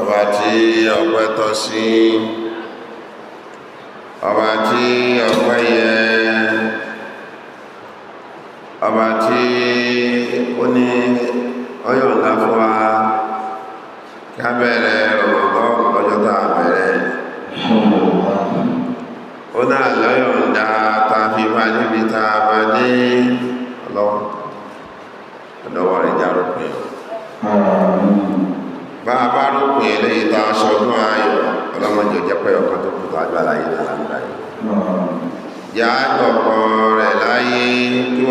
ọba tí ọpẹ́ tọ́ sí ọba tí ọpẹ́ yẹ ọba tí ó ní ọyọ̀ ńlá fún wa ká bẹ̀rẹ̀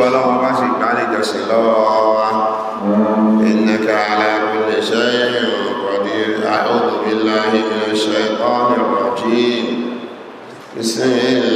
ولو ما في بالك إنك على كل شيء قدير أعوذ بالله من الشيطان الرجيم بسم الله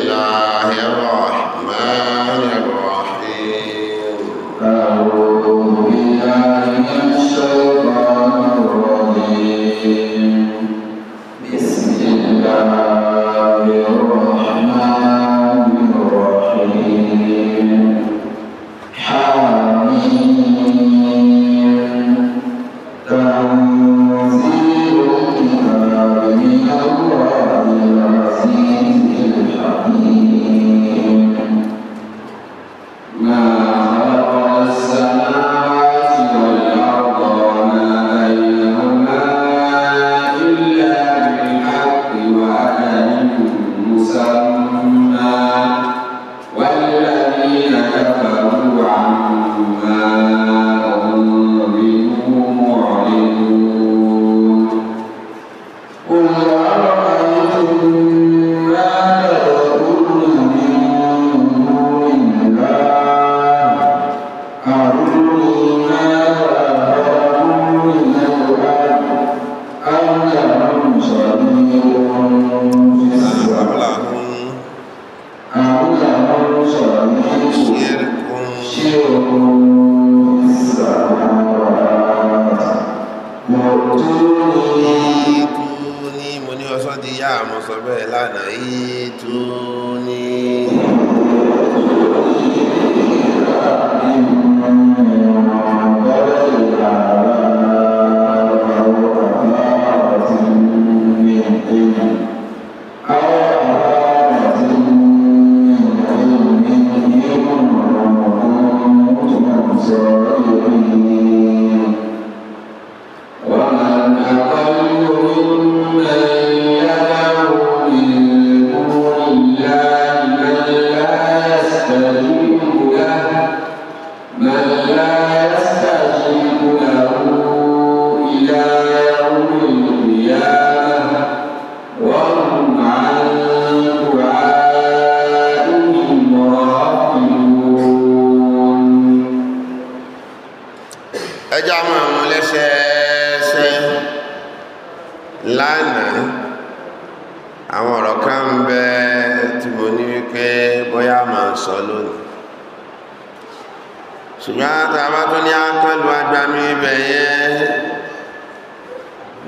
ṣùgbọ́n a tó ní akọlù agbami ibẹ̀ yẹn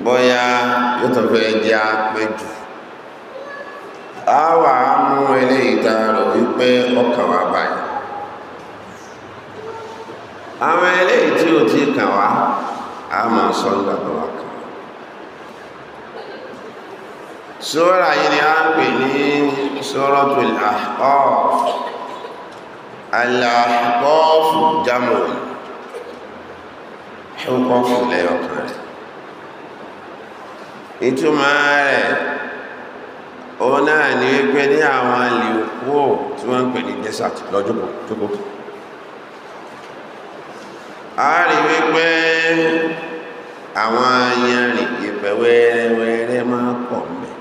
bóyá ya tó fẹ́ jẹ́ apẹ́jù a wà á eléyìí tá a rò wípé wa báyìí àwọn eléyìí tí ò sọ nígbà tó wà kàn sọ́ra ni a ń aláàkọ́ọ̀fù jámù ṣúkọ́fù lẹ́yọ̀kan rẹ̀ ìtumọ̀ rẹ̀ o náà ní wípé ní àwọn alìkúò tí wọ́n ń pè ní desert lọ́jọ́pọ̀ tókò a rí wípé àwọn ayanrìn ìpẹ̀ wẹ́rẹ́wẹ́rẹ́ máa pọ̀ mẹ́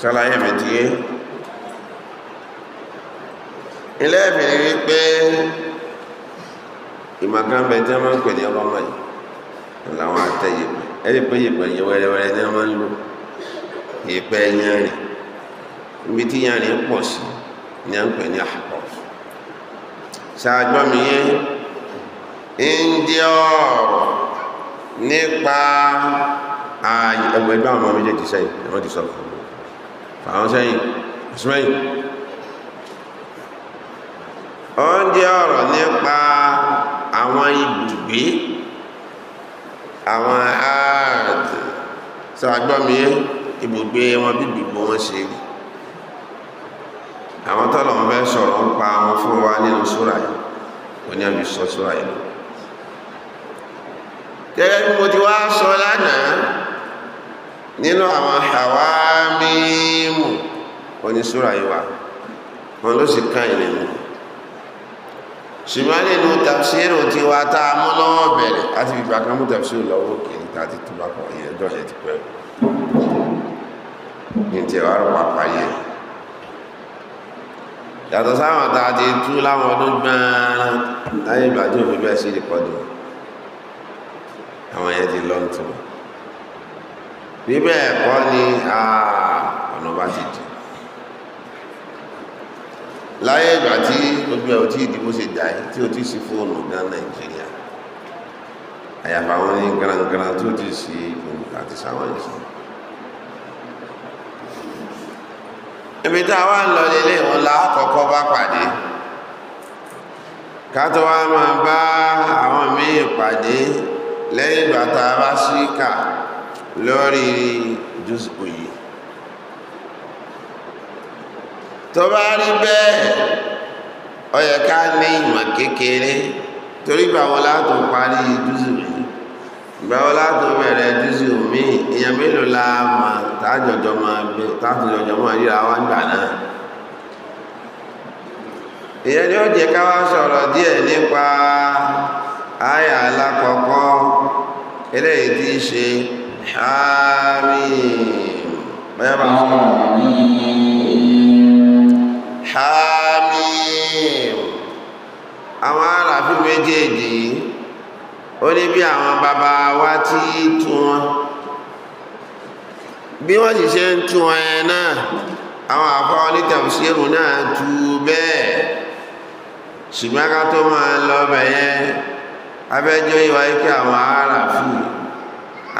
ṣàlàyé mi ilé ẹ̀mí ni wípé ìmọ̀kan bẹ tí wọ́n máa ń pè ní ọlọ́mọ yìí làwọn atẹ yèpẹ̀ ẹni pé yèpẹ̀ yẹn wẹ́rẹ́wẹ́rẹ́ ni wọ́n máa ń lò yèpẹ̀ yanrìn ibi tí yanrìn pọ̀ sí ni wọ́n ń pè ní àpọ̀ ṣáájọ́ mi yẹn ń jẹ́ ọ̀rọ̀ nípa ẹgbẹ́ ọmọ méjèèjì sẹ́yìn ẹ̀wọ́n ti sọ̀rọ̀ fàwọn sẹ́yìn ọ̀sùnmẹ́yìn ó ń jẹ́ ọ̀rọ̀ nípa àwọn ibùgbé àwọn áàdì sọ àgbọ́mi ibùgbé wọn bí gbogbo wọn ṣe rí àwọn tọ́lọ̀ ń fẹ́ sọ̀rọ̀ ń pa àwọn fún wa nínú súra yìí wọ́n ní àbí sọ súra yìí gẹ́gẹ́ bí mo ti wá sọ lánàá nínú àwọn hàwámímù onísúra yìí wà wọn ló sì ká ìrìn mú ṣùgbọ́n nínú tafsir tí wá tá a mọ́ lọ́wọ́ bẹ̀rẹ̀ láti fi gbàkan mú tafsir lọ́wọ́ kìí láti tó bá pọ̀ yẹn ẹjọ́ yẹn ti pẹ́ ní ti ẹ̀wà rọ̀ pàpà yẹn yàtọ̀ sáwọn tá a ti tú láwọn ọdún gbọ́n láyé ìgbà òfin bẹ́ẹ̀ sí ìkọdù àwọn yẹn ti lọ ń tún bí bẹ́ẹ̀ ni ọ̀nà bá ti dì láyé ìgbà tí ojú ẹ̀ ò tí ìdí bó ṣe dà yìí tí ó ti sí fóònù gan nàìjíríà àyàfà wọn ní grangan tó ti sí àti sáwọn ìṣe ibi tá a wá ń lọ lélẹ̀ wọn la kọ́kọ́ bá pàdé ká tó wá máa bá àwọn míì pàdé lẹ́yìn ìgbà tá a bá ṣíkà lórí jùsùpù yìí tó bá rí bẹ́ẹ̀ ó ká ní kékeré torí parí mi gbàwọ́ bẹ̀rẹ̀ la mà tájọjọ máa gbé tájọjọ máa ríra wá gbà náà ìyẹn ni ó jẹ ká wá sọ̀rọ̀ díẹ̀ nípa àyà alákọ̀ọ́kọ́ eléyìí tí í hamim àwọn aráàfin méjèèjì ó ní bí àwọn bàbá wa ti tú wọn bí wọ́n sì ṣe ń tú wọn yẹn náà àwọn àfọ́ naa náà tú bẹ́ẹ̀ ṣùgbọ́n ká tó máa lọ bẹ̀ yẹn abẹ́jọ́ ìwà ike àwọn aráàfin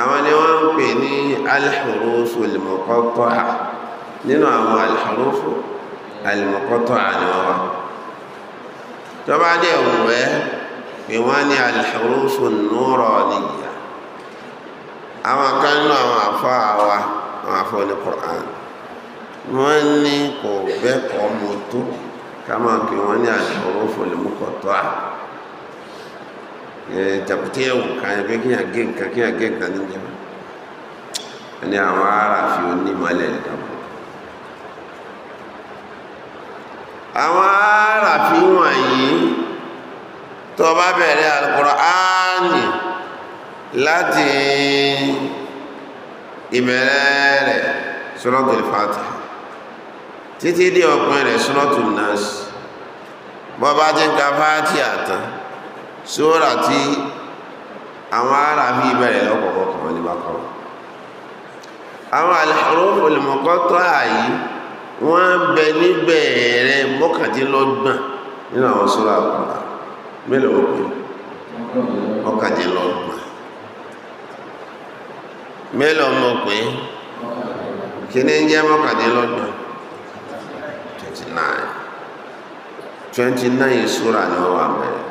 àwọn ni wọ́n ń pè ní al nínú alimọ̀kọ́tọ̀ àníwá tọ́ba dẹ̀ wùwẹ́ pé wọ́n ní alìṣòrúṣù nùrọ̀ nìyà àwọn kan nínú àwọn àfọ́ àwa àwọn àfọ́ ní Qur'an wọ́n ní kò bẹ́kọ̀ọ́ mọ̀ tó kama pé wọ́n ní alìṣòrúṣù lèmúkọ̀tọ̀ à jàpùtẹ́ ẹ̀wù kan ẹgbẹ́ kí yàn gé nǹkan kí yàn gé nǹkan níjẹun ẹni àwọn aráàfin onímọ̀lẹ̀ ìdàbọ̀ àwọn àràfí wọ̀nyí tó bá bẹ̀rẹ̀ Al-Qur'ani láti ìbẹ̀rẹ̀ rẹ̀ Suratul Fatiha títí dé òpin rẹ̀ Suratul Nas bọ́ bá ti ń ka Fatiha tán sóra tí àwọn àràfí bẹ̀rẹ̀ lọ́kọ̀ọ̀kọ̀ kan ní bá kọ́ àwọn al-huruful wọ́n á bẹ níbẹ̀rẹ̀ mọ́kàndínlọ́gbọ̀n nínú àwọn sọ́rọ̀ àkùnà mélòó ó pè mọ́kàndínlọ́gbọ̀n mélòó mọ̀ pé kí ni ń jẹ́ mọ́kàndínlọ́gbọ̀n twenty nine twenty nine sọ́rọ̀ ni wọ́n wà bẹ̀rẹ̀.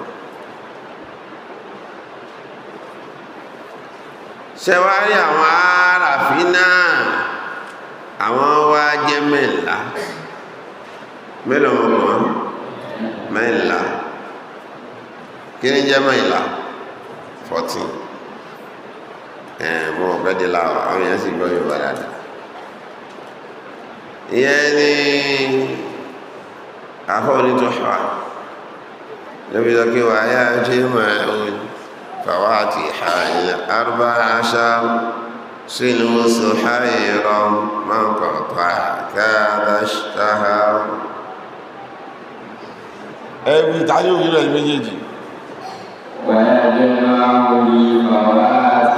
ṣẹ́wárí àwọn aráàfin náà àwọn wá jẹ́ mẹ́la mẹ́lọ ọmọ mẹ́la kí ní jẹ́ mẹ́la 14 ẹ̀ẹ̀mọ́ ọ̀bẹ́dẹ̀ láwọ̀ àwọn èèyàn sì gbọ́ Yorùbá dáadáa ìyẹn ni àfọ́ onítọ̀ṣọ́ níbi tó kí wà yá ṣe máa ń fàwátì àìyàn arúbá aṣáà sínú sùn háyìí كان اشتهى ايه تعالي وجيب لي المجيجي ويجمع الفواكه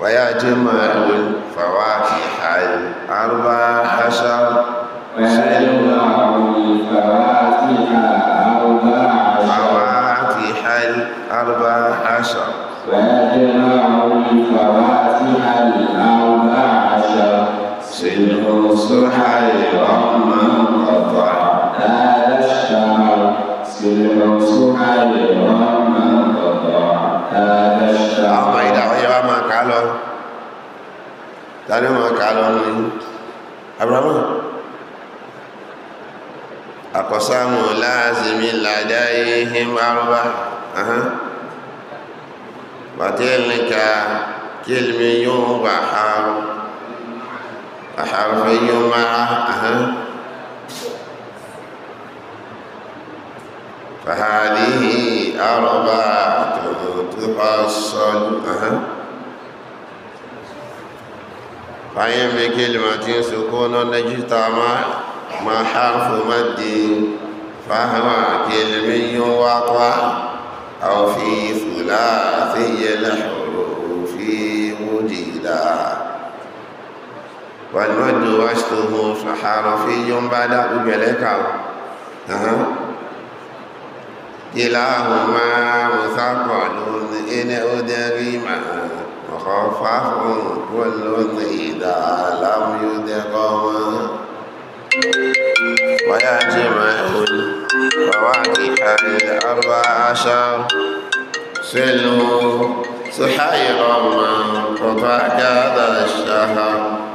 ويجمع الفواكه الأربع عشر ويجمع الفواكه أربع فواكه الأربع عشر ويجمع الفواكه الأربع عشر سره سحيرا من قطع آل الشعر سره سحيرا من قطع آل الشعر ọmọ ìdáwọ̀ yẹ wá máa kà lọ tani máa kà lọ ní abrahamu akọsáàmù láàzìmí làdáyéhìm arúgbá wàtílìkà kílmì yóò bá àrùn الحرفي معه فهذه أربعة تفصل أه. فإن بكلمة سكون نجتمع ما حرف مد فهو كلمي وقع أو في ثلاثي الحروف مجيدا والود وشطه صحارفي بعد بلك كلاهما مثقل إن أدرما وخفف كل إذا لم يدقما ويجمع الفواكه الأربع عشر سلو سحيرا من قطع هذا الشهر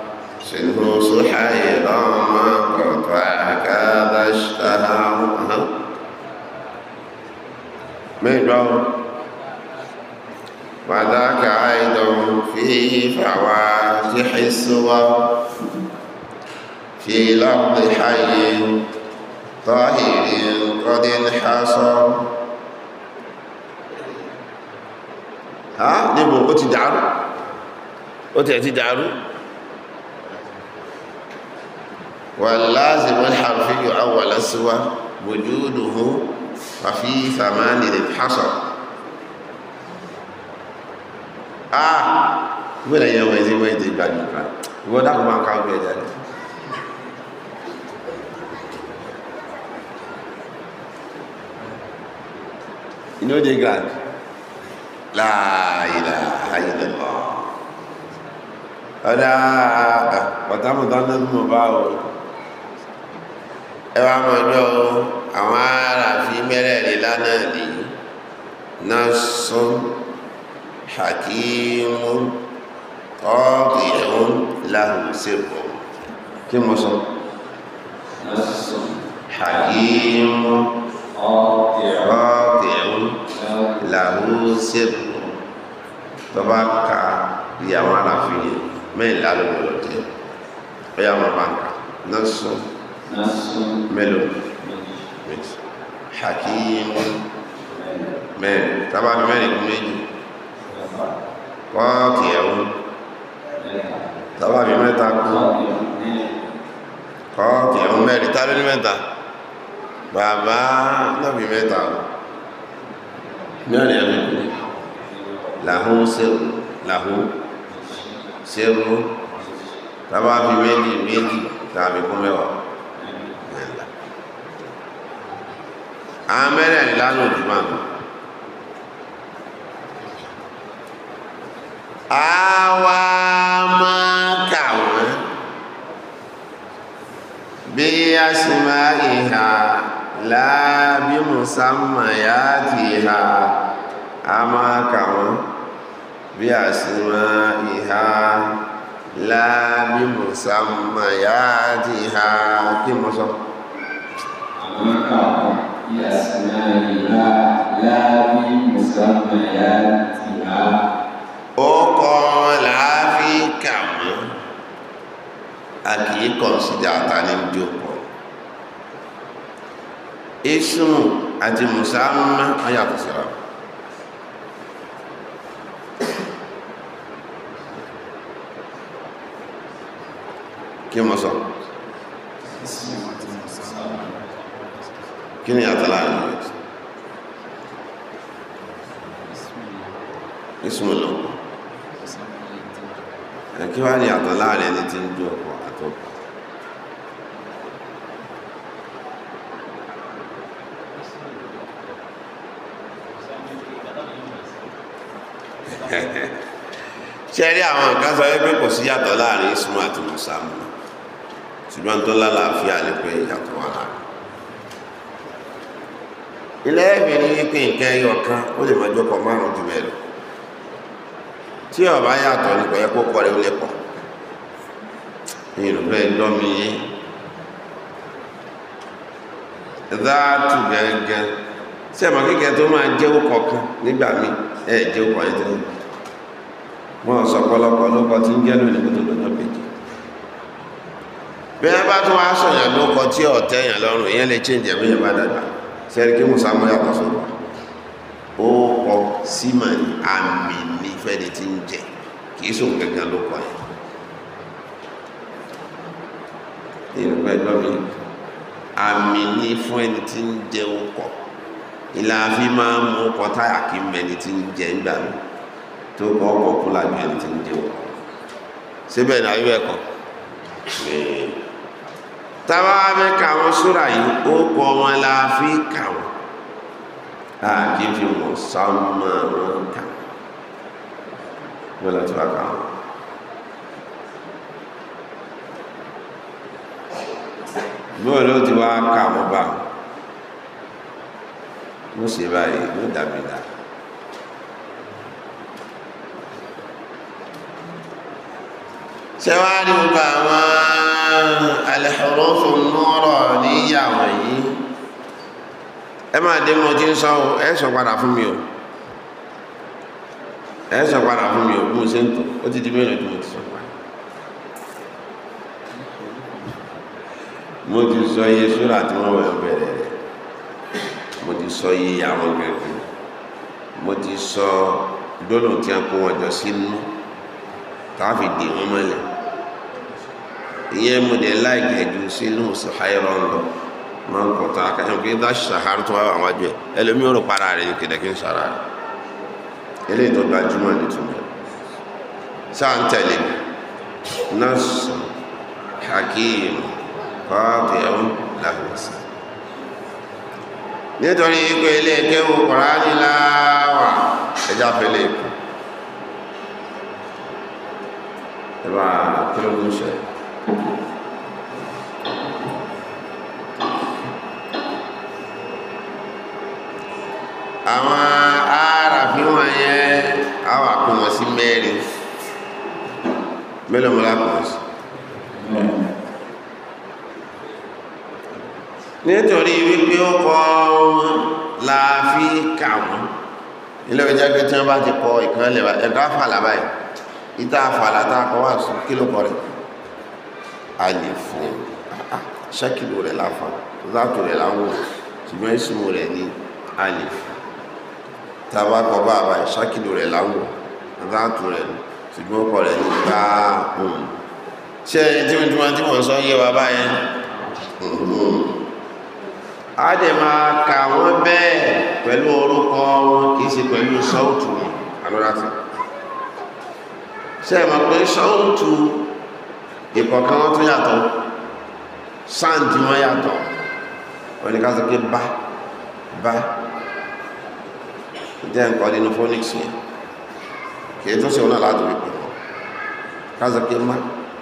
سنه صحيرا ما قطع كاد اشتهر ما يجبر وذاك عيد في فواتح السور في لفظ حي طاهر قد انحصر ها نبو قتي دعرو قتي دعرو واللازم الحرفي أول السور وجوده وفي ثمان حصر آه ولا يوم يزيد ويزيد بعد القرآن وده ما كان بيدل You know they got La ilaha illallah. Ada, pertama tanah mau bawa ẹwà mọ́jọ́ àwọn ará fi mẹ́rẹ̀ẹ̀rin lánàá lè nasun hakimun kọ́ọ̀kìyàn láhùn sípò kí mo sọ nasun hakimun kọ́ọ̀kìyàn láhùn sípò tọba ka bí àwọn ará lánàá lè jẹ́ ó yà wọ́n bá ń mélòó hakimu mẹ́rin tábàbí mẹ́rin kún méjì kọ́ọ̀kì ẹ̀hún tábàbí mẹ́ta kún kọ́ọ̀kì ẹ̀hún mẹ́rin tá lóní mẹ́ta bàbá tàbí mẹ́ta mẹ́rin ẹ̀hún làhún sẹ́rù làhún sẹ́rù tábàbí méjì méjì tàbí kún mẹ́wàá àwọn mẹ́rẹ̀ẹ̀rin lánàá jùmọ̀ àwa máa kà wọ́n bí a sì máa ìhà láàbí musamman yá ti ha a máa kà wọ́n bí a sì máa ìhà láàbí musamman yá ti ha kí mo sọ ọkọ̀ wọn láàfi kà mọ́ a kì í kọ̀nsídà àtàní jókòó isun àti musamman ayàtọ̀ síra kí mo sọ̀rọ̀ kí ni àtàlà rẹ̀ ìsúnmọ̀lọ́ kí wá ní àtàlà rẹ̀ ní ti ń ju ọkọ̀ àtọ́kọ̀ ṣe rí àwọn nǹkan sọ wípé kò sí yàtọ̀ láàrin ismu àti musamu ṣùgbọ́n tó lálàáfíà ni pé ìyàtọ̀ wà ilẹ̀ ẹ̀mìnrin wípé nǹkan ẹyọ kan ó lè mọ́jọ́ pọ̀ márùn jù bẹ́ẹ̀ lọ tí ọba yàtọ̀ nípa ẹ̀kọ́ kọ́ rẹ̀ ó lè pọ̀ ìrùbẹ́ lọ́mi yìí dáàtù gẹ́gẹ́ sí ẹ̀mọ́ kíkẹ́ tó máa jẹ́ òkọ̀ kan nígbà míì ẹ̀ jẹ́ òkọ̀ yẹn tẹ́lẹ̀ wọ́n sọ pọ́lọpọ̀ lókọ tí ń jẹ́ lónìí kó tó lọ́jọ́ kejì bí wọ́n bá tún wá sọ̀yàn lókọ tí ọ̀tẹ̀yàn lọ́rùn ìyẹn lè chíǹjẹ̀ bí yẹn bá dàgbà sẹ́ríkì musamu yàtọ̀ sọ́dọ̀ ó kọ símọ̀n àmì nífẹ̀ẹ́ni tí ń jẹ kì í sùn gangan ló kọ yẹn. ìrùkọ ẹgbẹ́ mi àmì ní fún ẹni tí ń jẹ ọkọ̀ ìlà àfi máa ń mú ọkọ̀ táyà kí n mẹ́ni tí ń jẹ ń gbà mí tó kọ ọkọ̀ kúlà ju ẹni tí ń jẹ ọkọ̀ síbẹ̀ ní ayé ẹ̀kọ́ tàbá fẹ́ kà wọ́n súrà yìí ó kọ́ wọn la fi kà wọ́n a kì í fi mọ̀ sáàmà wọn kà wọ́n láti wá kà wọ́n. bóyá ló ti wá kà wọ́n bá wọn mo ṣe báyìí mo dàbí dà. ṣé wàá ní gbogbo àwọn alẹ́hùrọ́fù nọ́rọ̀ níyàwó yìí ẹ máa dé mo ti ń sọ ọ ẹ sọ padà fún mi o ẹ sọ padà fún mi o bí mo ṣe ń tọ ó ti di mélòó tí ti sọ padà mo ti sọ iye sóra tí wọ́n wẹ̀ bẹ̀rẹ̀ rẹ̀ mo ti sọ iye àwọn gbẹ̀gbẹ̀ mo ti sọ gbọ́dọ̀ tí a kó wọn jọ sínú tá a wọ́n mọ́lẹ̀ ìyẹn mo dẹ̀ láìkẹ́ ju sínú sàhárọ̀ lọ máa ń kọ̀ tá a kàn kí dá sàhárọ̀ tó wà wá jù ẹ ẹlòmí ò rò para rẹ̀ kìdẹ̀ kí n sara rẹ̀ eléyìí tó gbajúmọ̀ nítumọ̀ sáà ń tẹ̀lé nọ́ọ̀sì hakeem kọ́ọ̀kì ọ̀hún láhùwàsá nítorí pé ilé ẹgbẹ́ wo láwà ẹjá fẹ́lẹ̀ ikú ẹ̀bà kí ló ń ṣẹlẹ̀ àwọn àràfí wọn yẹn àwọn àkùnwọ̀n sí mẹ́rin mẹ́lọ mọ́lá kùnwọ̀n sí nítorí wípé ó kọ wọn láàfí kà wọn ilé ọjọ́ pé tí wọ́n bá ti kọ ìkànlẹ̀ ẹ̀dọ́ àfàlà báyìí ìta àfàlà tá a wà sí kí rẹ̀ a lè fún ṣẹ́kìlò rẹ̀ láfa látò rẹ̀ láwọn ṣùgbọ́n ìsìnwó rẹ̀ ní a lè fún tába kọ bá àbá ìṣákìlò rẹ̀ láwò àtàtù rẹ̀ ṣùgbọ́n ọkọ rẹ̀ ní gbá òun ṣé tí wọ́n ti máa tí wọ́n sọ yé wa báyẹn á dẹ̀ máa kà wọ́n bẹ́ẹ̀ pẹ̀lú orúkọ wọn kì í ṣe pẹ̀lú sọ́ọ̀tù wọn alóratì ṣé ẹ mọ̀ pé sọ́ọ̀tù ìkọ̀kan wọn tún yàtọ̀ sáǹdì wọn yàtọ̀ wọn ni ká sọ pé bá bá jẹ́ nǹkan nínú phonics yẹn kì í tún ṣe ọ̀nà láti fi pè wọ́n káza pé má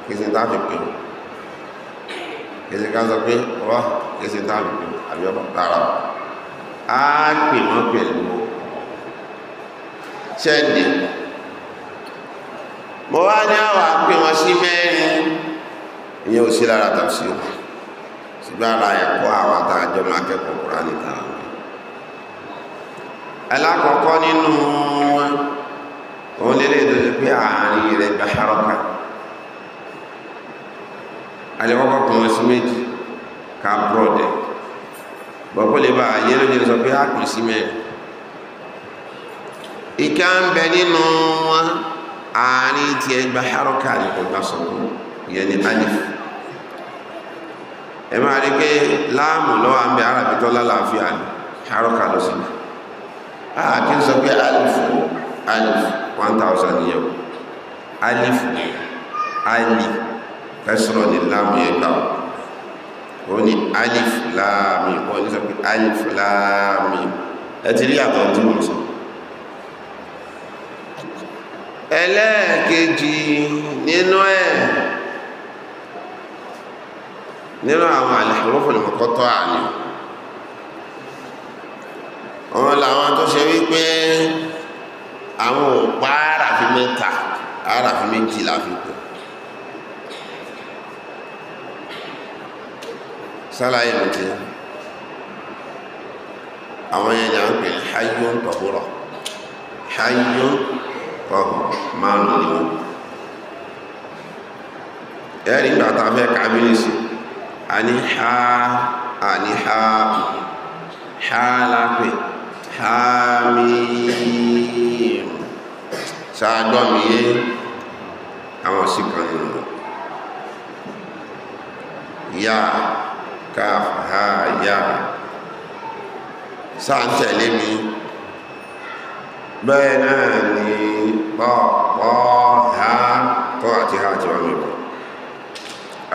kì í ṣe dáàbì pè wọ́n kì í ṣe káza pé ọ̀rọ̀ kì í ṣe dáàbì pè wọ́n àbí ọba rárá á pè wọ́n pẹ̀lú ṣẹ́ẹ̀dì mo wá ní àwọn àpè wọn sí mẹ́rin ìyẹn ò sí lára tàbí sí o ṣùgbọ́n ara ẹ̀kọ́ àwọn àtàjọ máa kẹ́kọ̀ọ́ kúrò nìkan alákọ̀ọ́kọ́ nínú wọn òun lè lè dojú pé àárín rẹ̀ gba ṣarọ́kà alẹ́kọ́kọ́ kún wọn sí méjì ká bọ́ọ̀dẹ̀ bọ́kọ́ lè bá ayé lójú sọ pé á kùn sí mẹ́rin ìka ń bẹ nínú wọn àárín tiẹ̀ gba ṣarọ́kà ní kò gbà sọ̀rọ̀ ìyẹn ní alif ẹ máa rí pé láàmù lọ́wọ́ àmì arábìtọ́lá láàfíà ní ṣarọ́kà lọ́sibí a ah, kì í sọ pé alifu alifu one thousand yẹ o alifu ali kẹsìrọ ní láàmù yẹn gbà o ó ní alifu láàmì ó ní sọ pé alifu láàmì ẹ ti rí àtọ̀ tí mo sọ ẹlẹ́ẹ̀kejì nínú ẹ̀ nínú àwọn àlẹ́ ìrọ́fọ̀lẹ́mọ̀kọ́tọ́ àlè wọn làwọn tó ṣe wípé àwọn ò pa àràfin mẹ́ta àràfin méjì láfikún sálàyé mi ti àwọn yẹn ni à ń pè ní hayo tọ̀húrọ̀ hayo tọ̀hù márùn ni wọn ẹ̀rí ìgbà tá fẹ́ kábíyèsí a ha a ha ha lápẹ̀ hamim ṣáàgbọ́ mi yé àwọn sí kan nínú ya kaf ha ya sáà ń tẹ̀lé mi bẹ́ẹ̀ náà ni pọ̀ ha kọ́ àti ha ti wà mí bọ̀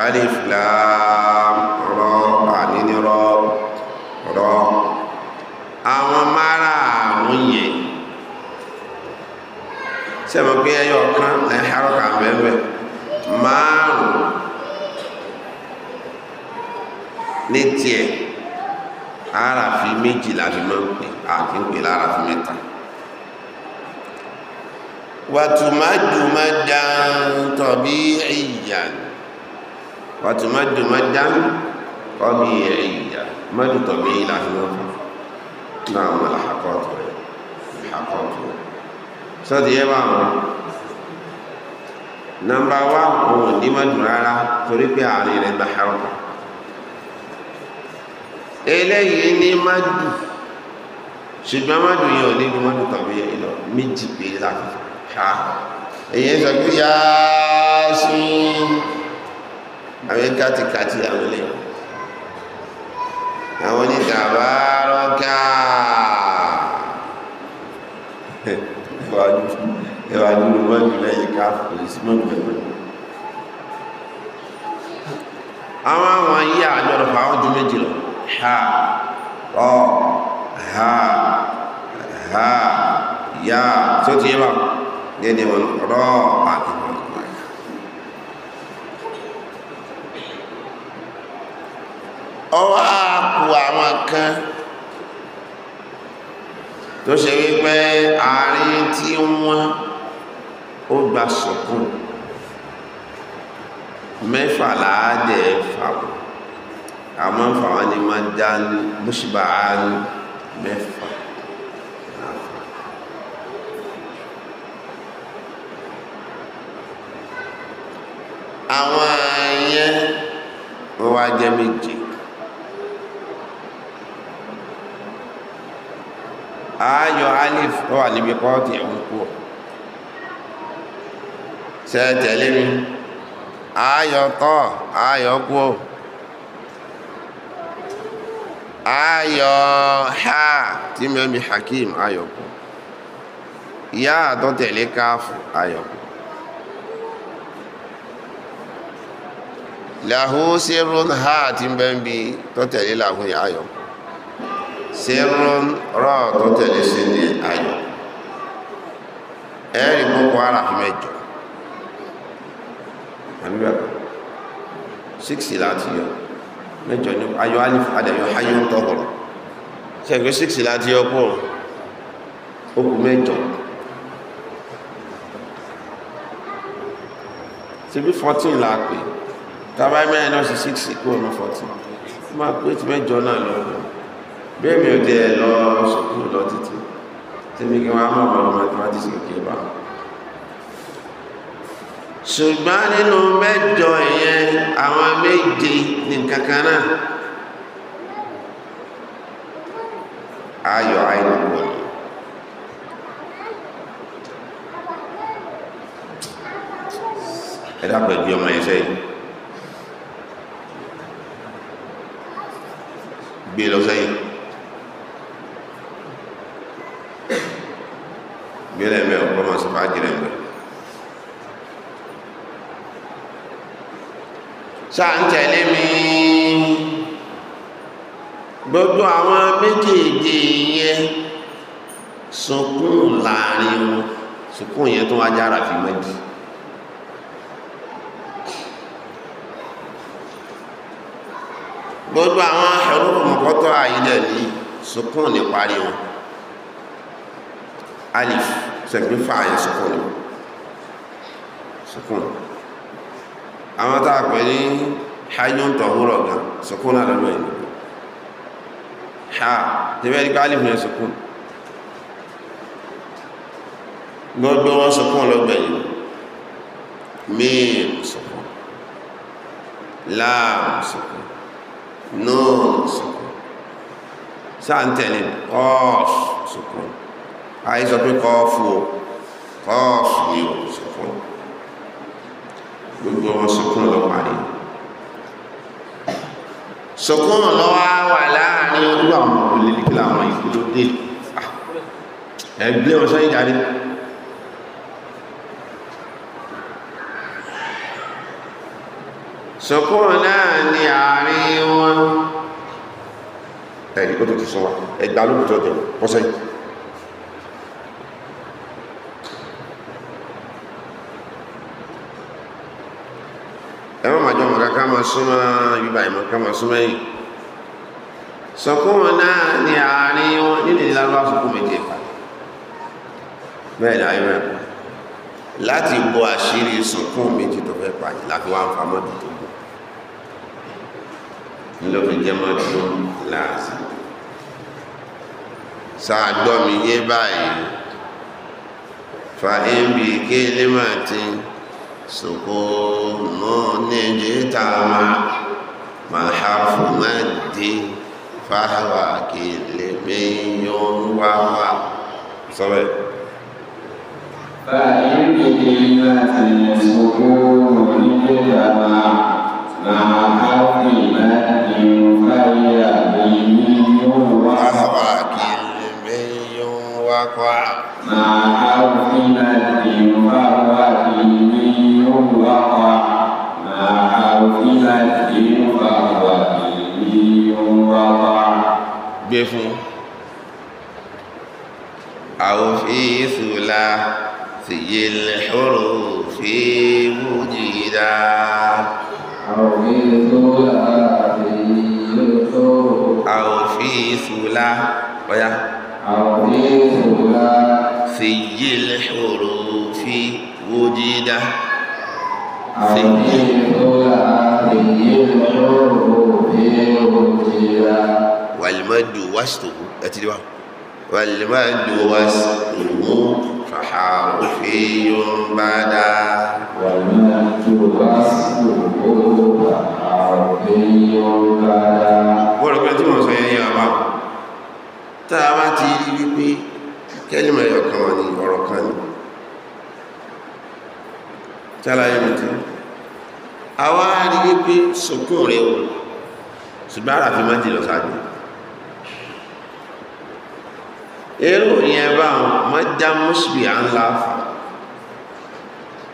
alif lam ra àwọn márààrún yẹn sẹ́mi pé ẹyọ kan ẹ̀ harọ́kà bẹ́ẹ̀ márùn ní tiẹ̀ aráàfin méjì la fi máa ń pè àti ń pè láráàfin mẹ́ta wàtúmádùmádàn tọ̀bí ìyá wàtúmádùmádàn tọ̀bí ìyá mọ́dù tọ̀bí ìlà fi máa náà àwọn àlàkọ́tù rẹ̀ àkọ́tù rẹ̀ sọ́dí ẹ bá wọn nàmbà wá òun ò ní mọ́dún rárá torí pé àárín rẹ̀ gba haruka eléyìí ní mọ́dù ṣùgbọ́n mọ́dù yìí ò ní bí mọ́dù tàbí yẹn lọ méjì pé láti ha èyí sọ pé yá sí àwọn kàtìkàtì àwọn eléyìí àwọn onídàá bá ká ẹwà nínú mọ́nù lẹ́yìn káfù ìsímọ̀nù ẹ̀mọ́ àwọn àwọn ayé àjọ̀rọ̀ fún àwọn ju méjì lọ ha ọ ha ha ya tó ti yé bá ní ẹni wọn rọ àti wọn. ọwọ́ àpò àwọn kan tó ṣe wípé àárín tí wọ́n ó gba sọ̀kún mẹ́fà láàdẹ̀ fàwọn àmọ́ fàwọn ni máa dá bó ṣe mẹ́fà àwọn ẹyẹ wọ́n wá jẹ́ méje Ayo alif ó wà níbi kọ́ọ̀tì ẹ̀wọ̀n kú ṣe tẹ̀lé mi ayọ̀ tọ́ ayọ̀ kú ha mẹ́mi hakim ayọ̀ kú ìyá àtọ́ tẹ̀lé káfù ayọ̀ kú làhú sí ha mẹ́mi se sírún rọ́ tó tẹ̀lé sí ní ayọ̀ ẹ̀rì boko haram mẹ́jọ six láti yọ mẹ́jọ ní ayọ̀ alif adẹ̀yọ ayọ̀ ń tọ́kọ̀rọ̀ sẹ́gbẹ́ six láti yọ pọ̀ okù mẹ́jọ ti bí fourteen la pè tábàámẹ́rin náà sí six kúrò ní fourteen ó máa pé ti mẹ́jọ náà lọ́wọ́ bí èmi ò tẹ lọ sùkúù lọ títí tí mi kí wọn á mọ ọ̀rọ̀ mathematics òkè bá ṣùgbọ́n nínú mẹ́jọ ìyẹn àwọn méje ní kankan náà ayọ̀ àìlùkù ẹ dápẹ́ ọmọ ẹ̀ṣẹ́ yìí gbé lọ sẹ́yìn ṣáàntẹ̀lé mi gbogbo àwọn méjèèjì yẹn sọkún láàrin wọn sọkún yẹn tó wájá ara fi mẹ́jì gbogbo àwọn ẹ̀rọ mọ̀kọ́tọ̀ àyílẹ̀ ní sọkún ní parí wọn alif sẹ̀gbẹ́fà yẹn sọkún ní sọkún ní àwọn tá a pè ní hajjun tọ̀húrọ̀ gan sukun náà lọ́nà ìlú ha tẹ́bẹ́ ní káàlì fún ẹ sukun gbogbo wọn sukun lọ́gbẹ̀yìn mím sukun láàm sukun nóòn sukun sáńtẹ̀lì kọ́ọ̀f sukun àìsọ pé kọ́ọ̀fù kọ́ọ̀fù yóò sukun gbogbo ọmọ sọkún lọ parí sọkún lọ wá wà láàrin irú àwọn ọmọkùnrin ní kílà àwọn ìlú tó dé ah, ẹgbẹ́ wọn sọ ìdarí sọkún náà ní àárín wọn ẹ̀yìn ó tó ti sọ wa ẹgbàá ló kù jẹ pọ́sẹ́yìn. máa súnmọ́ ibà ìmọ̀ ká máa súnmọ́ yìí sọkún wọn náà ní àárín wọn nílẹ̀ ìlànà sọkún méjì ìpàdé bẹ́ẹ̀ ni ayé mẹ́rin láti bọ àṣírí sọkún méjì tó fẹ́ pàdé láti wá nfa mọ́tò tó gbọ́ nílò fi jẹ́ mọ́tò láàzì sàgbọ́mi yé báyìí fa mb kéèlé máa ti. سكون اجتمع مع حرف مد فهو كلمي وهو صحيح فإن كلمة سكون اجتمع مع حرف مد فهي كلمي وهو كلمي وهو مع حرف مد فهو كلمي gbé fún àwòfíìsùlá sì yé lẹ́ṣọ́rọ̀ fi mújìdá àwòfíìsùlá ọ̀yá àwòfíìsùlá sì yé lẹ́ṣọ́rọ̀ fi mújìdá wàlìmọ́dù wàṣìtòkú ẹ̀tí díwá wàlìmọ́dù wàṣìtòkú fàhàrù fi yóò bá dá wàlìmọ́dù wàṣìtòkú fàhàrù fi yóò bá dá wọ́n rẹ̀ pẹ́ tí wọ́n sọ yẹ́ yẹ́ àbá tàbá ti rí wípé kẹ́lìmọ̀ ẹ̀yọ̀ kan wà ní ọ̀rọ̀ kan ni ṣàlàyé mi ti àwa rí wípé sukun rẹ o ṣùgbọ́n ara fi máa ń jìnà sáájú èrò yẹn báwọn máa já mọ́ṣíbì à ń la fà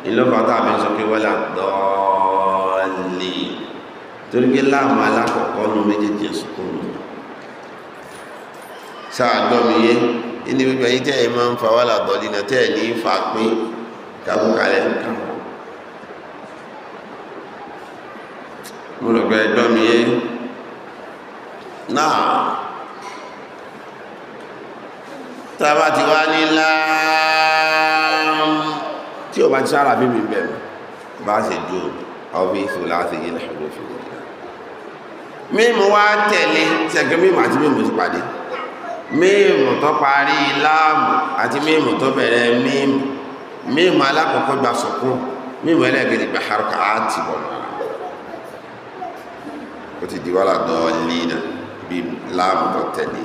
ìlọ́fà tá a fi sọ pé wọ́lá dọ́ọ̀lì torí pé láàmú alákọ̀ọ́kọ́ nu méjèèjì sukun mi sáà gbọ́ mi yé máa ń fa wọ́lá dọ́ọ̀lì náà tẹ́ ní fa pín kábùkalẹ̀ kábù mo rò yé náà ti wá ní tí o bá ti sára bí mi bẹ̀rẹ̀ bá ṣe ju ọ́fíìsì láti yí lẹ́yìn mímu wá tẹ̀lé sẹ́gbẹ́ mímu àti mímu ti pàdé mímu tó parí ó ti di wàhálà dọ́ọ̀lì náà bí láàmù tó tẹ̀lé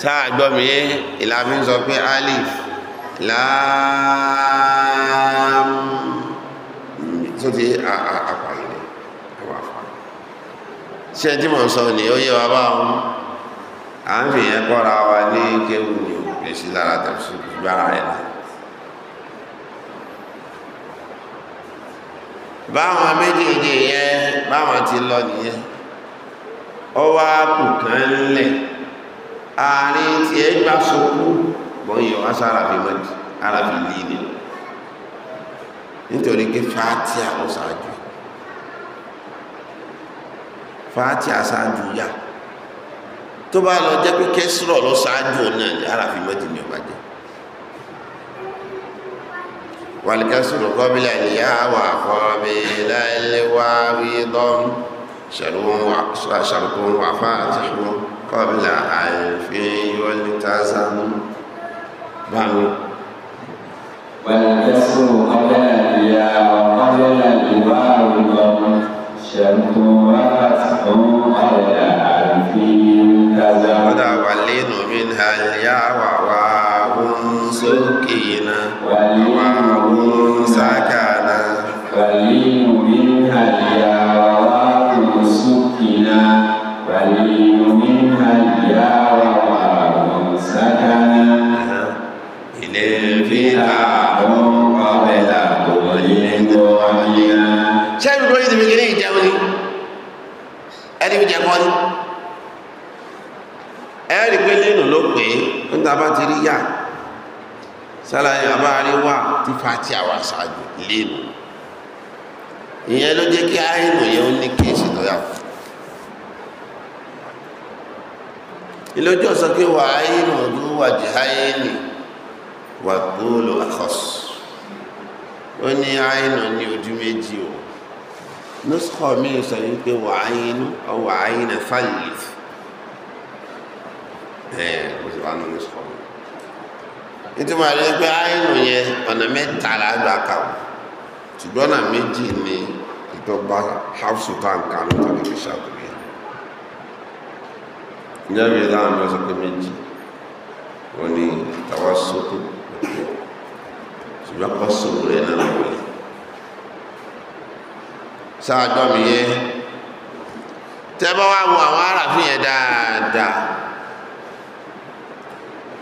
sáà gbọ́ mi yé ìlàmí sọ pé alif láàm tó ti àpàyè rẹ̀ àwọn àfà ṣé tí mò ń sọ ni ó yé wa bá wọn à ń fi yẹn kọ́ra wa ní kéwù ní òkè sí lára tẹ̀síwájú ara rẹ̀ náà. báwọn méjèèjì yẹn báwọn ti lọ nìyẹn ọ wá kù kan ńlẹ̀ àárín tí ẹ gbà sókú bọ́yọ̀ wá sára fi mọ́ ara fi lì ní nítorí pé fáátì àwọn ṣáájú fáátì àṣáájú yá tó bá lọ jẹ́ pé kẹ́sìrọ̀ lọ ṣáájú náà ara fi mọ́ ti ní ọba والكسر قبل الياء وقبل الواو ضم شرط وفاتح قبل ألف والتزم بل والكسر قبل الياء وقبل الواو ضم شرط وفاتح قبل ألف يلتزم ولين منها الياء ẹni jẹ kọ́ ní ẹ̀rì pé lẹ́nu ló pè é nígbà bá ti rí yá sálàyé bàbá rí wà tí fàtí àwà ṣáájú lẹ́nu ìyẹn ló jẹ́ kí àìnù yẹn ó ní kéèsì tó ìlójú ọ̀sán pé wà àìnù ọdún wà jẹ́ àìnì wà gbóòlò àkọ́sù ó ní àìnù ní ojú méjì o nuskọ mi sọ yìí pé wà á yin ọ wà á yin na fàlìf ẹ o sì wà nù nuskọ mi nítorí wà lóyún pé áyínù yẹn ọ̀nà mẹ́ta la gbà kà ó ṣùgbọ́n ọ̀nà méjì ni ìdọ́gba hafsu táǹkà ló tọ́lé fi ṣàkóyè ìjọba ìlà àwọn ọ̀sán pé méjì wọ́n ní tàwa sókè ṣùgbọ́n kọ́ sókè rẹ̀ náà lọ́wọ́ sáájọ́ mi yẹ tẹ́ bá wá wo àwọn aráàfin yẹn dáadáa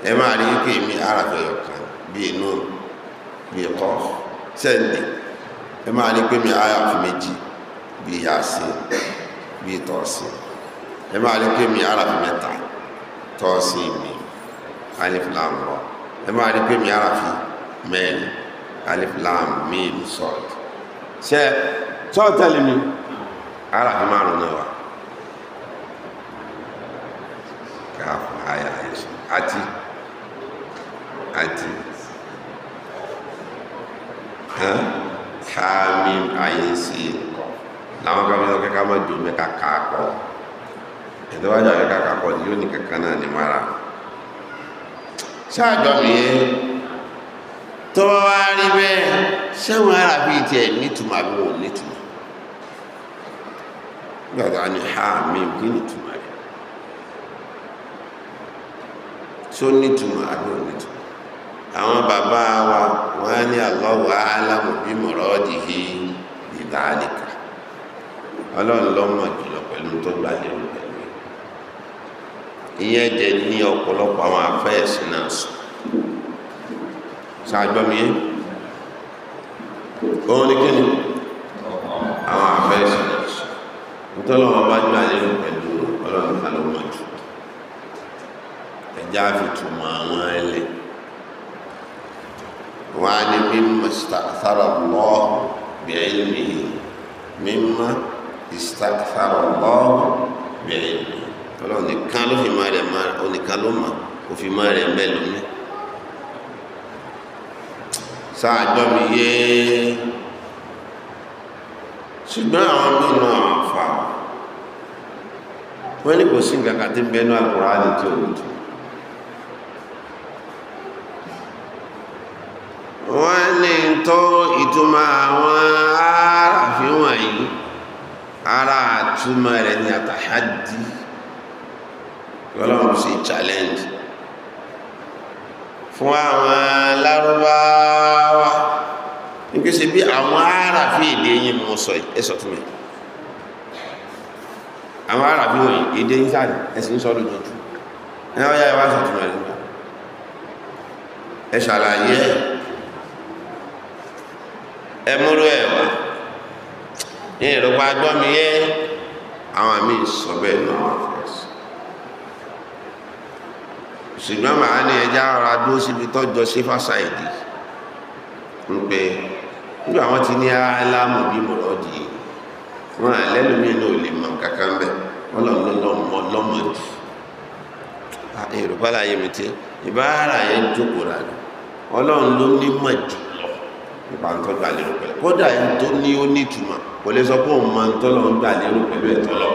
ẹ máa rí pé mi aráàfin yẹn kan bíi inú bíi kọ́ sẹ́ndì ẹ máa rí pé mi aráàfin méjì bíi yàsí bíi tọ́sí ẹ máa rí pé mi aráàfin mẹ́ta tọ́sí mi alif ẹ máa rí pé mi aráàfin mẹ́rin alif lam mim sọ́ọ̀tì ṣe sọ tẹ̀lé mi ara fi márùn náà wà káfù àyà àyẹsọ àti àti hàn hàmì àyẹsí kọ làwọn kan lọ kẹkẹ má dùn mí kàkà kọ ẹ̀tọ́ wájú àwọn kàkà kọ ni yóò ní kankan náà ní mara ṣáàjọ mi yẹn tó bá wá rí bẹ́ẹ̀ ṣé wọn ara fi tiẹ̀ nítumọ̀ àbí wọn ò nítumọ̀ gbàgbà ni ha mi kí ni tuma rẹ tó ní tuma àbí ò ní tuma àwọn bàbá wa wọn ní Allahu a'lamu bi muradihi bi dhalika ọlọ́run lọ́mọ jùlọ pẹ̀lú tó gbà lérò pẹ̀lú ìyẹn jẹ ní ọ̀pọ̀lọpọ̀ àwọn afẹ́ẹ̀sì náà sọ ṣàgbọ́mi yẹn òun ni kí ni àwọn afẹ́ẹ̀sì náà nítorí wọn bá gbà lérò pẹ̀lú ọlọ́run ká ló mọ̀ jù ẹjá fi túmọ̀ àwọn ẹlẹ̀ wọn á ní mímọ ìsàkàtàrà lọ bí ẹlẹ́mì mímọ ìsàkàtàrà lọ bí ẹlẹ́mì ọlọ́run nìkan ló fi máa rẹ̀ máa onìkan ló mọ̀ òfin máa rẹ̀ mẹ́lòmí sáà jọ́ mi yéé ṣùgbọ́n àwọn mímọ̀ àfà wọ́n ní kò sí nǹkan tí ń bẹnu Al-Kùránì tí ó lòdì wọ́n ní tó ìtumọ̀ àwọn aráàfihàn yìí ara àtúmọ̀ rẹ̀ ní àtàhádì ọlọ́run sí challenge fún àwọn lárúbáwá kí ṣe bí àwọn aráàfin èdè yín mo sọ ẹ sọ fún mi àwọn aráàfin wọ̀nyí èdè yín sáà ẹ sì ń sọ lójoojú ẹ wọ́n yá ẹ wá sọ fún mi ẹ ṣàlàyé ẹ ẹ múrú ẹ wá ní ìrọ̀pá gbọ́ mi yẹ àwọn àmì sọ bẹ́ẹ̀ ní àwọn afẹ́sì ṣùgbọ́n màá ní ẹja ọ̀rọ̀ adúró síbi tọ́jọ sí fásáìdì ń pe nígbà wọn ti ní aláàmù bí mo di wọn àlẹ́nu mi náà ò lè kankan bẹ wọn lọ a lọmọ jù yorùbá láyé mi ti ìbára yẹn jókòó rà ní ọlọ́run ló ní mọ̀ jù lọ nípa ń tọ́jú àlérò pẹ̀lú kódà ẹni tó ní ó ní ìtumọ̀ kò lè sọ pé òun máa ń ń gbà lérò pẹ̀lú ẹ̀tọ́ lọ.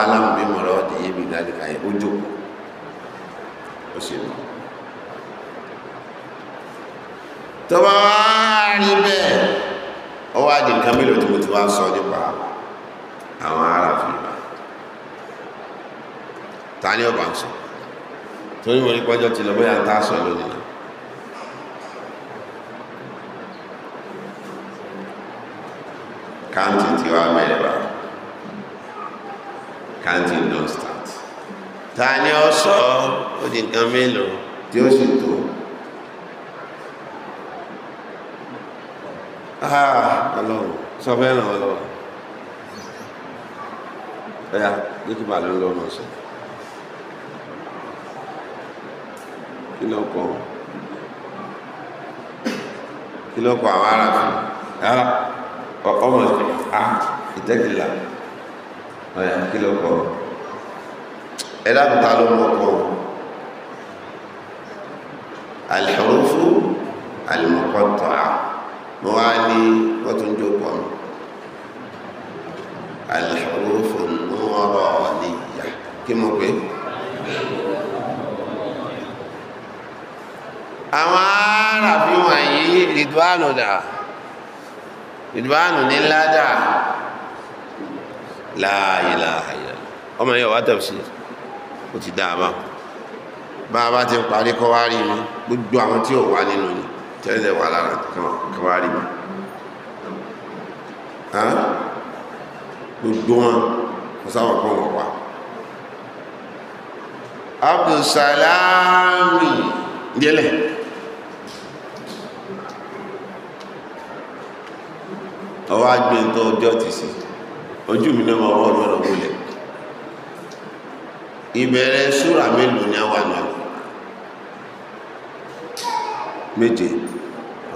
alam òṣèlú tọba wá rí bẹ́ẹ̀ ó wá di nǹkan mélòó tí mo ti wá ń sọ nípa àwọn ará fìlà ta ni ọba ń sọ torí mo rí pẹ́jọ́ ti lọ bóyá ń sọ lónìí káńtì tí wàá mẹ́rẹ̀ bá káńtì lọ́nstà ta ni ọ sọ ó di nǹkan mélòó tí ó sì tó ah, ọlọ́run sọ fẹ́ ràn ọ́ lọ́wọ́ ẹ̀yà dókítà ló ń lọ́nà ọ̀sẹ̀ kí ló kọ́ kí ló kọ́ àwọn ará fún ara ọmọ ìtẹ́kìlá ọ̀yà kí ló kọ́ ọ́ ẹ̀dá kúta ló mọ̀ kọ́ alìhọ́rọ́fù alìmọ̀kọ́tọ̀ à mo wá ní wọ́n tún jókòó mi alìhọ́rọ́fù nùrọ̀ níyà kí mo pè àwọn arábí wọ̀nyí rìdwánù dà rìdwánù ní ládà láàyè láàyè ọmọ yẹn wà tẹ̀síì ó ti dáa bá bá a bá ti ń parí kọ́ wá rí mi gbogbo àwọn tí ò wá nínú ni tẹ́lẹ̀ wà lára kan wá rí mi gbogbo wọn kò sáwọn kan wọ̀ wá abdulsalami délẹ̀ ọwọ́ agbẹ́ntọ́ ọjọ́ ti sí ojú mi náà mọ̀ ọwọ́ ọ̀dọ́ ọ̀dọ́ ìbẹ̀rẹ̀ súra mélòó ni a wà náà méje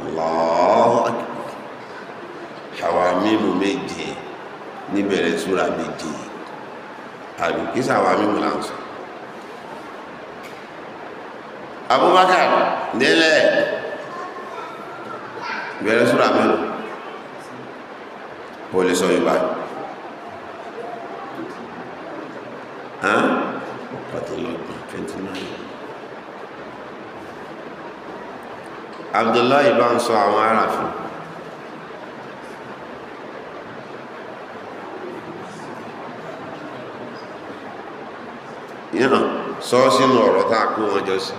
Allahu Akbar àwa mímu méje níbẹ̀rẹ̀ súra méje àbí kí sàwa mímu là ń sọ Abubakar délẹ̀ bẹ̀rẹ̀ súra mélòó o lè sọ yóò báyìí. abdullahi bá ń sọ àwọn ará fún yíyan sọ sínú ọ̀rọ̀ tá a kó wọn jọ sí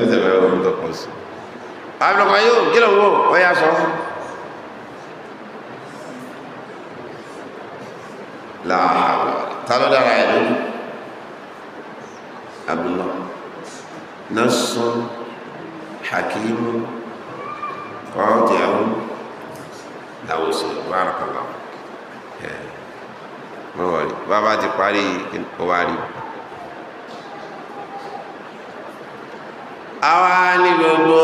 ẹsẹ̀ bẹ́ẹ̀ wọ́n tó pọ̀ sí abdullahi yóò kí ló ń sọ fún. abdullahi náà sọ. حكيم قاطع لوسي بارك الله wọ́n بابا ti parí ọwárí àwa ní gbogbo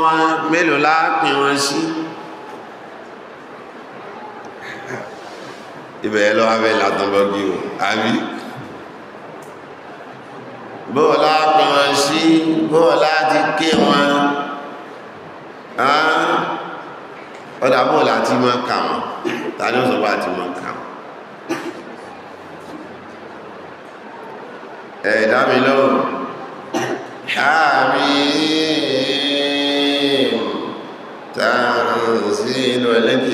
wọn mélòó láàpín wọn sí ibẹ̀ lọ́wọ́ abẹ́ látọ̀bọ̀ o àbí bóòlá pè wọn sí bóòlá ti ké wọn ọ̀dà bóòlá ti máa kà wọn tàbí ó sọ pé àti máa kà wọn. ẹ̀dá mi lọ́wọ́ حميم تنزيل لك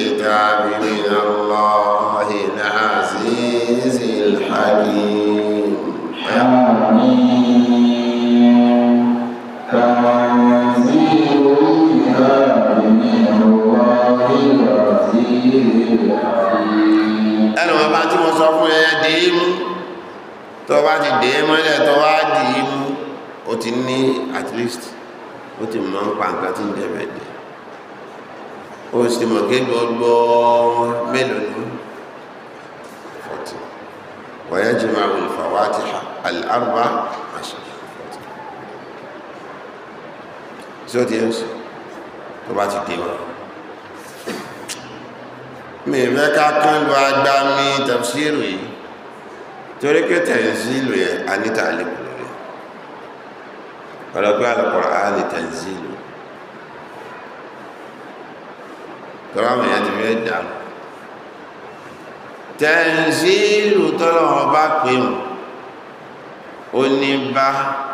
ẹnu wọn bá tí wọ́n sọ fún ẹyẹ dìí mú tó bá ti dìí mọ́lẹ̀ tó wá dìí mú ó ti ní at least ó ti mọ̀ ń tí ń dẹ̀bẹ̀ dẹ̀ ó sì mọ̀ kí gbogbo mélòó ní fọ́tì wọ́yẹ́ jù máa wùlù fàwátì alárùbá àṣà tí ó ti ń sọ tó bá ti dé wọn mi fẹ́ ká kán lu agbá mi tafsiru yìí torí pé tẹ̀sílù yẹn a ní tààlìkù lórí ọlọ́gbẹ́ alùpùpù a ní tẹ̀sílù tọ́lámù yẹn ti fẹ́ dà tẹ̀sílù tọ́lọ́wọ́ bá pè ó ní bá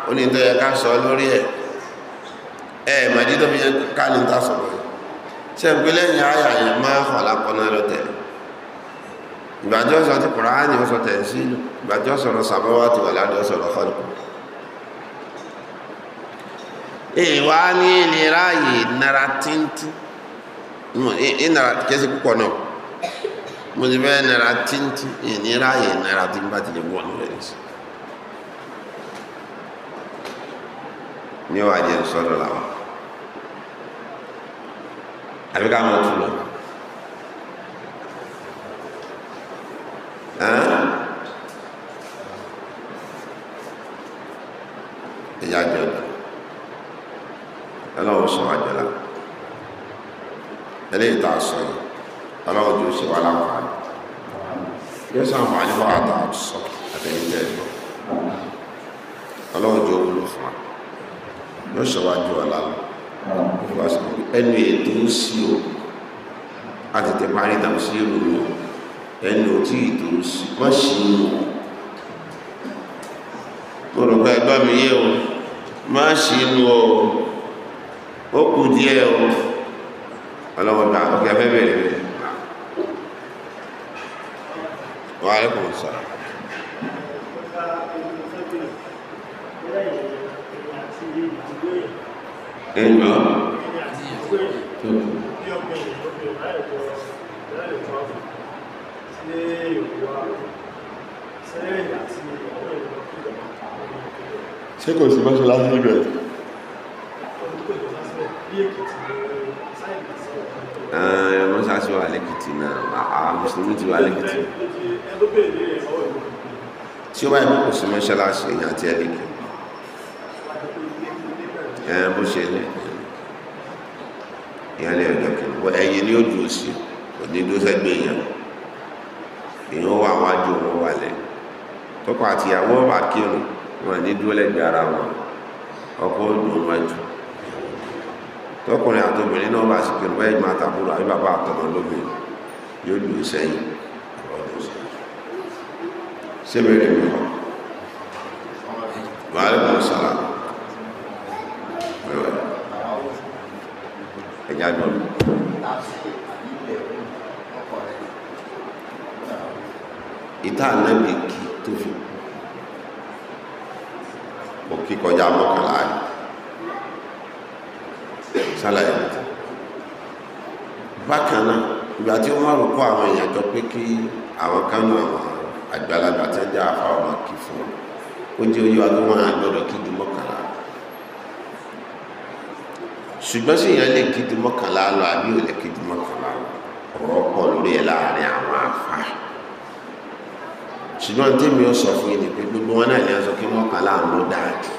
ó ní tọ́yẹ ká sọ lórí ẹ̀ ẹ̀ màdí tó fi ká ní tà sẹ́ǹpé lẹ́yìn àyà yẹn máa hàn lápọ̀nà lọ tẹ̀lé ìgbàjọ́ sọ ti Kùránì ó sọ tẹ̀lé sí ìlú ìgbàjọ́ sọ̀rọ̀ sàmọ́wá ti wà ládọ́ sọ̀rọ̀ kọ́lùkù ìwà ní ìlera yìí nara tíntín ìnara kẹsí púpọ̀ náà mo ti fẹ́ nara tíntín ìnira yìí nara tí bá ti lè wọ̀ ní rẹ̀ sí ní wàá jẹ́ sọ́dọ̀ làwọn àbí ká máa tún lọ ìyá jọ̀dọ̀ ẹlọ́wọ́ sọ àjọlá eléyìí tá a sọ yìí ọlọ́wọ́ tó ṣe wà láǹfààní yóò sàǹfààní wà á dáa sọ àtẹ̀yìn tẹ̀ ẹ̀gbọ́n ọlọ́wọ́ tó wúlò fún wa yóò ṣe wájú ọ̀la lọ ẹnu ètò ń sí o a tètè parí tàbí sí ìròyìn ẹnu tí ètò ń sí má sí o mo rò pé ẹgbẹ́ mi yé o má sí inú o ó kù díẹ̀ o ọlọ́wọ́ta ọ̀gá fẹ́ bẹ̀rẹ̀ wàhálà kò sọ̀rọ̀. ẹ̀nà ṣe kò sí mọ́ṣọ́lá sí ibẹ̀ ẹ̀mọ́ sáṣọ́ wà lẹ́kìtì náà àwọn mùsùlùmí ti wà lẹ́kìtì tí ó bá ẹ̀mọ́ kò sí mọ́ṣọ́lá sí èyàn àti ẹ̀lẹ́kìtì ìyẹn bó ṣe ní ìyẹn lè ọjọ́ kìíní wọ ẹ̀yìn ni ó dùn sí òní ló fẹ́ gbé yẹn èèyàn wà wájú òun wà lẹ tọkọ àtìyàwó wà kírun wọn ní dúró lẹ́gbẹ̀ẹ́ ara wọn ọkọ òdùn wájú tọkùnrin àtobìnrin náà bá sì kírun wọn ẹ̀gbọ́n àtàbúrò àbí bàbá àtọmọ lóbìnrin yóò dùn sẹ́yìn ọdún mi kọ wàhálà sàlámù. dájọ́ lọ. ìta ànábì kí tó fi kò kí kọjá mọ́kànlá rẹ̀ sálàyé nìta bákan náà ìgbà tí wọ́n rò kó àwọn èèyàn jọ pé kí àwọn kánú àwọn àgbàlagbà tí àfa ọmọ kì fún wọn ó oyè wa tó àgbọ̀dọ̀ kí ju mọ́kànlá ṣùgbọ́n sì yẹn lè kíjú mọ́kànlá lọ àbí ò lè kíjú mọ́kànlá lọ ọ̀rọ̀ pọ̀ lórí ẹ̀ láàrin àwọn afá ṣùgbọ́n tèmi ó sọ fún yín ni pé gbogbo wọn náà ní aṣọ kí mọ́kànlá ń lò dáadì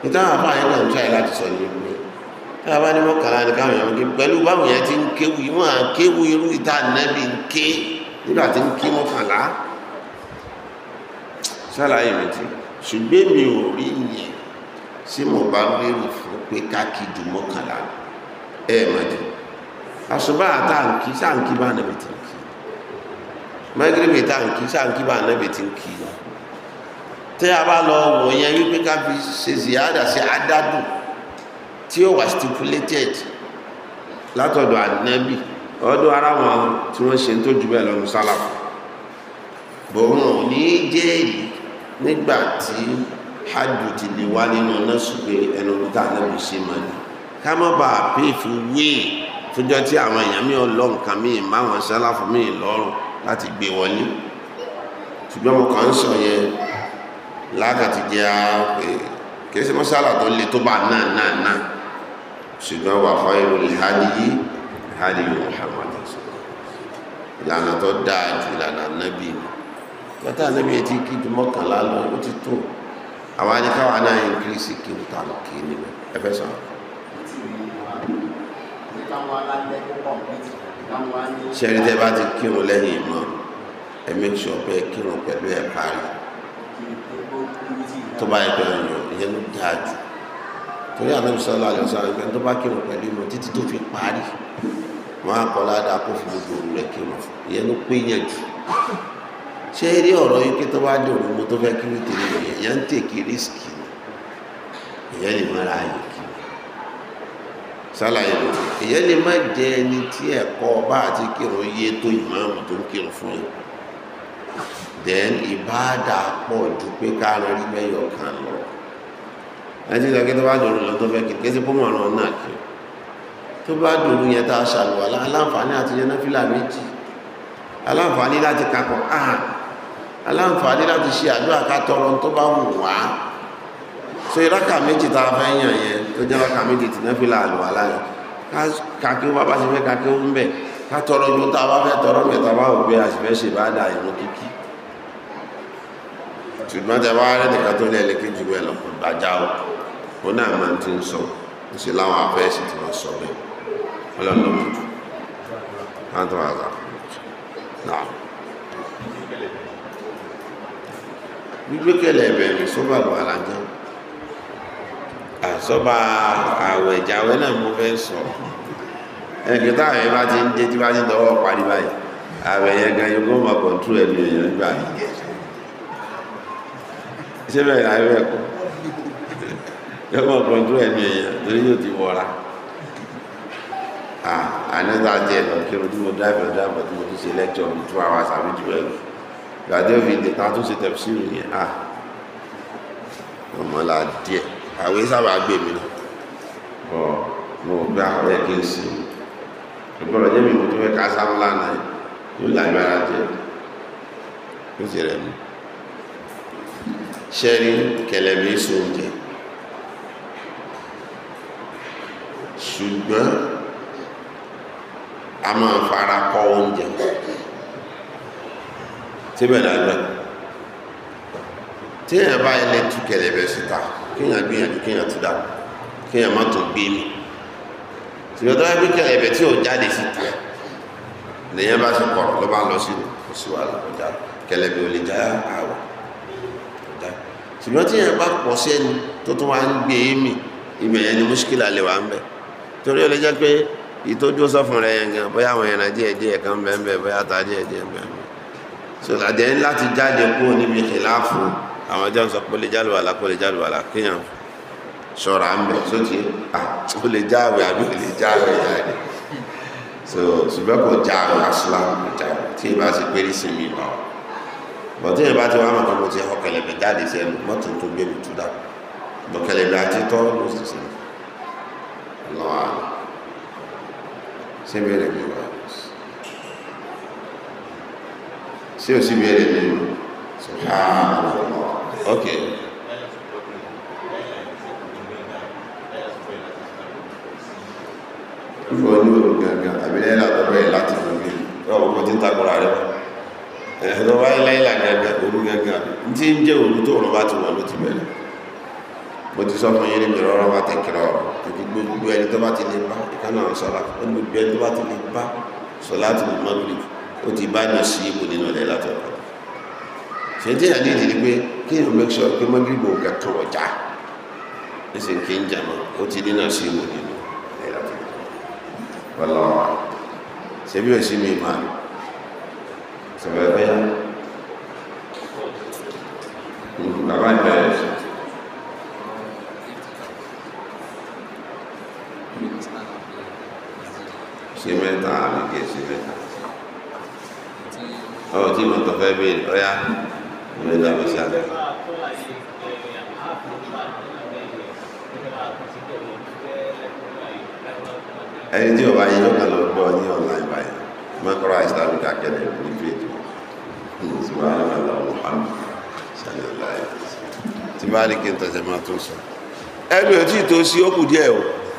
nítorí àwọn afá yẹn náà ń tọ́ ẹ láti sọ yìí pé tí a bá ní mọ́kànlá ni káwọn èèyàn ké pẹ̀lú báwọn yẹn ti ń kéwu yìí wọ́n à ń kéwu irú ìta nẹ́bí ń ké nígbà tí ń ké mọ́kànlá ṣàlàyé mi ti ṣùgbọ́n mi ò rí yẹn sí mo bá lérò fún pé káàkiri ju mọ́kànlá ẹ má jù àṣùbà àtàǹkì sáǹkì bá nàbì tí ń kì mẹ́gírìbì táǹkì sáǹkì bá nàbì tí ń kì tẹ́ a bá lọ wọ̀ yẹn wípé ká fi ṣe ziyada sí adádùn tí ó wà stipulated látọ̀dọ̀ ànábì ọdún ara wọn tí wọ́n ṣe tó jù bẹ́ẹ̀ lọ́nu sálàfù bọ̀ wọn ò ní jẹ́ẹ̀lì nígbà tí hajj ti lè wá nínú náà ṣùgbọ́n ẹnu tó ànábì ṣe máa ní ká má bàa pè fún wéè fúnjọ tí àwọn èèyàn mi ò lọ nǹkan mi má wọn sálàfù mi lọ́rùn láti gbé wọlé ṣùgbọ́n mo kàn ń sọ yẹn lákàtí jẹ́ pé kìí ṣe mọ́sálà tó le tó bá náà náà náà ṣùgbọ́n wà fọ́ irú ìhádìí yìí ìhádìí yìí Muhammad ìlànà tó dáa jù ìlànà nábì yàtọ̀ nábì yẹn ti kí ju mọ́kànlá lọ ó ti tó àwọn adékáwà náà increase kiri tá lọ kiri níbẹ̀ ẹ fẹ́ sọ. sẹ́rí tẹ́ bá ti kírun lẹ́yìn ìmọ̀ ẹ make sure pé kírun pẹ̀lú ẹ̀ parí tó bá yẹ pé ọ̀yàn ìyẹn ló dáa jù torí ànábì sọlá àlẹ́ sọlá ìgbẹ́ tó bá kírun pẹ̀lú ìmọ̀ títí tó fi parí wọn á kọ́ ládàá kó fi gbogbo rẹ̀ kírun ìyẹn ló pé yẹn jù ṣé eré ọ̀rọ̀ yìí kí tó bá dòrò mo tó fẹ́ kí ní tèmi nìyẹn yẹn ń tèkì rísìkì ìyẹn lè má ra ààyè kí sálàyé lò ìyẹn lè má jẹ ẹni tí ẹ̀kọ́ bá àti kírun yé tó ìmáàmù tó ń kírun fún yìí then ìbáàdà pọ̀ ju pé ká lọ rí mẹ́yọ̀ kan lọ ẹni tí tó bá dòrò lọ tó fẹ́ kí kéṣe fún ọ̀ràn náà kí tó bá dòrò yẹn tá a ṣàlùwà aláǹfààní àti yẹn náà fìlà méjì aláǹfààní láti kakọ̀ áhàn ah, aláǹfààní láti ṣe àdúrà ká tọrọ tó bá wù wá so ìrákà méjì tá a fẹ́ yàn yẹn tó jẹ́ ìrákà méjì tì náà fi là lù wá láyé kàkí wọn bá ṣe fẹ́ kàkí wọn bẹ̀ ká tọrọ ju tá a bá fẹ́ tọrọ mẹ́ta bá wò pé àṣìfẹ́ ṣe bá dà ìlú kíkí ṣùgbọ́n tẹ wá rẹ́ nìkan tó ní ẹlẹ́kí jù bẹ́ẹ̀ lọ́pọ̀ gbàjá o ó náà máa ti ń sọ ó sì láwọn afẹ́ẹ̀sì tí wọ́n sọ bẹ́ẹ̀ ọlọ́run lọ́mọdún. gbígbékẹ̀lẹ̀ ẹ̀bẹ̀rẹ̀ sọ́bà lọ àlàjẹ́ àsọ́bà àwẹ̀ ìjàwẹ́ náà mo fẹ́ sọ ẹ̀kẹ́ táwọn ẹ̀ bá ti ń dé tí bá ti ń dọwọ́ parí báyìí àwẹ̀ yẹn gan yóò gbọ́n máa kọ̀ǹtú ẹ̀lú èèyàn nígbà yìí ṣé bẹ́ẹ̀ láì bẹ́ẹ̀ kọ́ yóò máa kọ̀ǹtú ẹ̀lú èèyàn torí yóò ti wọra àníta jẹ́ lọ kí ojú mo dáìbò dáìbò tí mo ti ṣe lẹ́kṣọ̀ mi two hours àbí jù ẹ̀ gbàdé òfìdè ta tó ṣe tẹ̀síìrì yẹn à ọmọ la díẹ̀ àwẹ̀ sábà gbé mi náà bọ̀ mo gbá àwẹ̀ kí n sì ìgbọ́dọ̀ jẹ́ mi mo tó fẹ́ ká sáwọn lánàá yóò lágbára jẹ yóò ti rẹ̀ mú ṣẹ́rí kẹlẹ̀mí sọ oúnjẹ ṣùgbọ́n a máa fara kọ́ oúnjẹ síbẹ̀ lánàá tí èèyàn bá ilé tú kẹlẹ̀bẹ̀ síta kíyàn gbìyànjú kíyàn ti dàpọ̀ kíyàn má tó gbé mi ṣùgbọ́n tó bá gbé kẹlẹ̀bẹ̀ tí ò jáde síta lèyàn bá ṣe kọ̀rọ̀ ló bá lọ sí kò sí wàhálà ọjà kẹlẹ̀bẹ̀ ò lè já àwọ̀ ṣùgbọ́n tí èèyàn bá pọ̀ sí ẹni tó tún wá ń gbé mi ibẹ̀ yẹn ni mùṣkílà lè wà ń bẹ̀ torí ó lè jẹ́ pé ìtọ́jú sọ́fún rẹ̀ yẹn gan bóyá àwọn ẹran díẹ̀díẹ̀ kan bẹ́ẹ̀ bẹ́ẹ̀ bóyá ta díẹ̀díẹ̀ bẹ́ẹ̀ sọ̀tàdé láti jáde kúrò níbi kìláàfù àwọn jẹ́ ń sọ pé lè jáde wàlá kó lè jáde wàlá kéèyàn ṣọ́ra ń bẹ̀ sóti ó lè jáwé àbí ó lè jáwé jáde so ṣùgbọ́n kò jáwé asúlá kò jáwé tí ìbá ti péré sí mi lọ bọ̀ tí ìbá ti wá mọ̀ tó mo ti ọkọ̀ ẹlẹ́gbẹ̀ jáde sí ẹnu mọ́tò tó gbé mi tú dà bọ̀ àti tọ́ ló sì sí lọ́wọ́ àná síbi mi wá. sí ò sí bẹ̀rẹ̀ nínú ok fún olóòrò gangan àbílẹ̀ látọ̀rọ̀ ẹ̀ láti fún mi ọkọ̀ tí ń takọ̀rọ̀ rẹ̀ ẹ̀rọ wáyé láìlà gangan orú gangan tí ń jẹ́ òru tó rọ̀ bá ti wọ̀ ló ti bẹ̀rẹ̀ mo ti sọ fún yín níbi rọrọ wa tẹkẹrọ ìgbogbo gbogbo ẹni tó bá ti lè bá ìkànnà sọlá ó ní gbogbo ẹni tó bá ti lè bá sọlá ti lè ó ti bá nà sí ipò nínú ilẹ̀ látọ̀kọ̀ fẹ́ntì àní ìdí ni pé kí èèyàn make sure pé mọ́gìrìbò ga kan ọ̀já níṣẹ́ kí ń jàmọ́ ó ti nínà sí ipò nínú ilẹ̀ látọ̀kọ̀ wọ́lọ́wọ́ ṣebí ò sí mi máa sọ̀rọ̀ ẹ̀fẹ́ hmm, bàbá ìbẹ̀rẹ̀ sọ. ṣe mẹ́ta àmì ọ̀ tí mo tọ́ fẹ́ béèrè ọ̀yá ìrẹ́lẹ̀ àbọ̀sí àná. ẹni tí ọba yìí lọ́kàn lọ gbọ́ ní online báyìí mọ́kọ́rọ́ islamic academy private subhanahu wa muhammad sallallahu alaihi wa sallam tí bá ní kí n tọ́jà máa tó sọ ẹgbẹ́ òtí tó sí ó díẹ̀ o.